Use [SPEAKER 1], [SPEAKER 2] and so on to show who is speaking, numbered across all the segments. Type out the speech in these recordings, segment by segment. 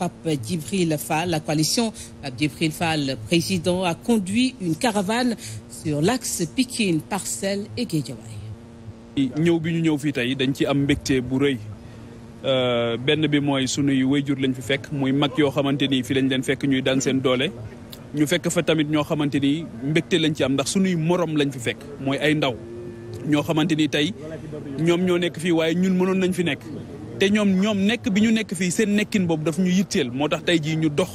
[SPEAKER 1] Pape Djibril Fall. La coalition Pape Djibril Fall, président, a conduit une caravane sur l'axe Pikine, Parcelles et Guédiawaye. ñëw bi ñu ñëw fii tey dañ ci am mbégte bu rëy euh, benn bi mooy sunuy wayjur lañ fi fekk mooy mag yoo xamante ni fii lañ leen fekk ñuy daan seen doole ñu fekk fa tamit ñoo xamante ni mbégte lañ ci am ndax sunuy moroom lañ fi fekk mooy ay ndaw ñoo xamante ni tey ñoom ñoo nekk fii waaye ñun mënoon nañ fi nekk te ñoom ñoom nekk bi ñu nekk fii seen nekkin boobu daf ñu yitteel moo tax tey jii ñu dox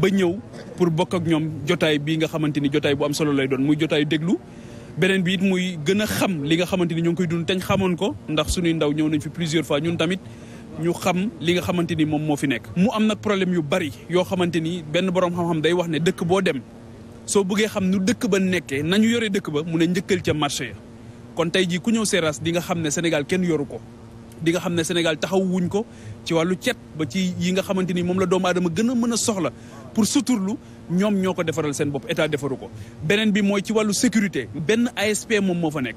[SPEAKER 1] ba ñëw pour bokk ak ñoom jotaay bii nga xamante ni jotaay bu am solo lay doon muy jotaay déglu beneen bi it muy gën a xam li nga xamante ni ñoo ngi koy dund teñ xamoon ko ndax suñuy ndaw ñëw nañ fi plusieurs fois ñun tamit ñu xam li nga xamante ni moom moo fi nekk. mu am nag problème yu bari yoo xamante ni benn borom xam-xam day wax ne dëkk boo dem soo bëggee xam nu dëkk ba nekkee nañu yore dëkk ba mu ne njëkkal ca marché ya kon tey jii ku ñëw Seras di nga xam ne Sénégal kenn yoru ko di nga xam ne Sénégal taxaw wuñ ko ci wàllu cet ba ci yi nga xamante ni moom la doomu aadama gën a mën a soxla pour suturlu ñoom ñoo ko defaral seen bopp état defaru ko beneen bi mooy ci wàllu sécurité benn ASP moom moo fa nekk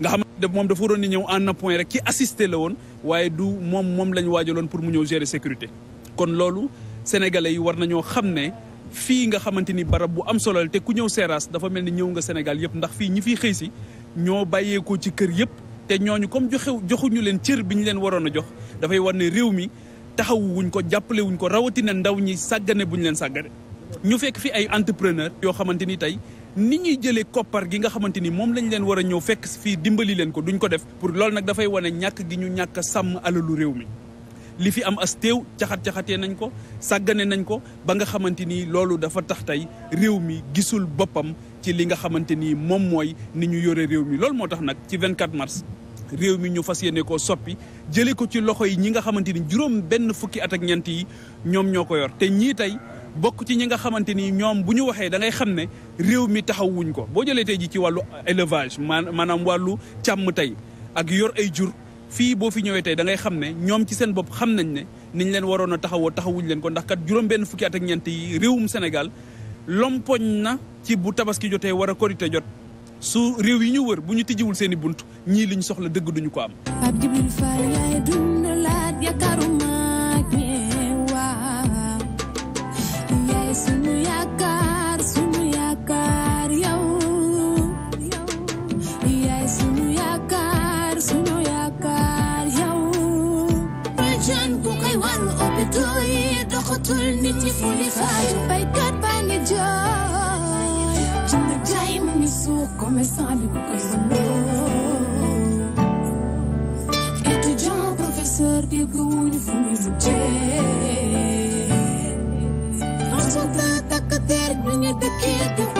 [SPEAKER 1] nga xam ne moom dafa waroon ni ñëw en appoint rek ci assister la woon waaye du moom moom lañu waajaloon pour mu ñëw gérer sécurité kon loolu sénégalais yi war na ñoo xam ne fii nga xamante ni barab bu am solo la te ku ñëw Seras dafa mel ni ñëw nga Sénégal yëpp ndax fii ñi fiy xëy si ñoo bàyyeekoo ci kër yëpp te ñooñu comme joxe joxuñu leen cër bi ñu leen waroon a jox dafay wane réew mi taxawuñ ko jàppale ko rawatina ndaw ñi sàggane bu ñu leen sàggane. ñu fekk fi ay entrepreneur yoo xamante ni tey ni ñuy jëlee koppar gi nga xamante ni moom lañ leen war a ñëw fekk fii dimbali leen ko duñ ko def. pour loolu nag dafay wane ñàkk gi ñu ñàkk sàmm alalu réew mi. li fi am as teew caxat-caxatee nañ ko sàggane nañ ko ba nga xamante ni loolu dafa tax tey réew mi gisul boppam ci li nga xamante ni moom mooy ni ñu yore réew mi loolu moo tax nag ci 24 mars réew mi ñu fas yéene koo soppi jëlee ko ci loxo yi ñi nga xamante ni juróom benn fukki at ak ñeent yi ñoom ñoo ko yor te ñii tey bokk ci ñi nga xamante ni ñoom bu ñu waxee da ngay xam ne réew mi taxawuñ ko boo jëlee tey ji ci wàllu élevage maanaam wàllu càmm tey ak yor ay jur fii boo fi ñëwee tey dangay xam ne ñoom ci seen bopp xam nañ ne niñ leen waroon a taxawoo taxawuñ leen ko ndax kat juróom benn fukki at ak ñeent yi réewum Sénégal lompoñ na ci bu tabaski jotee war a korite jot su réew yi ñu wër bu ñu tijjiwul seen i bunt ñii li ñu soxla dëgg duñu ko am.
[SPEAKER 2] responsable ko étudiant professeur dégg wuñu fu muy mujjee.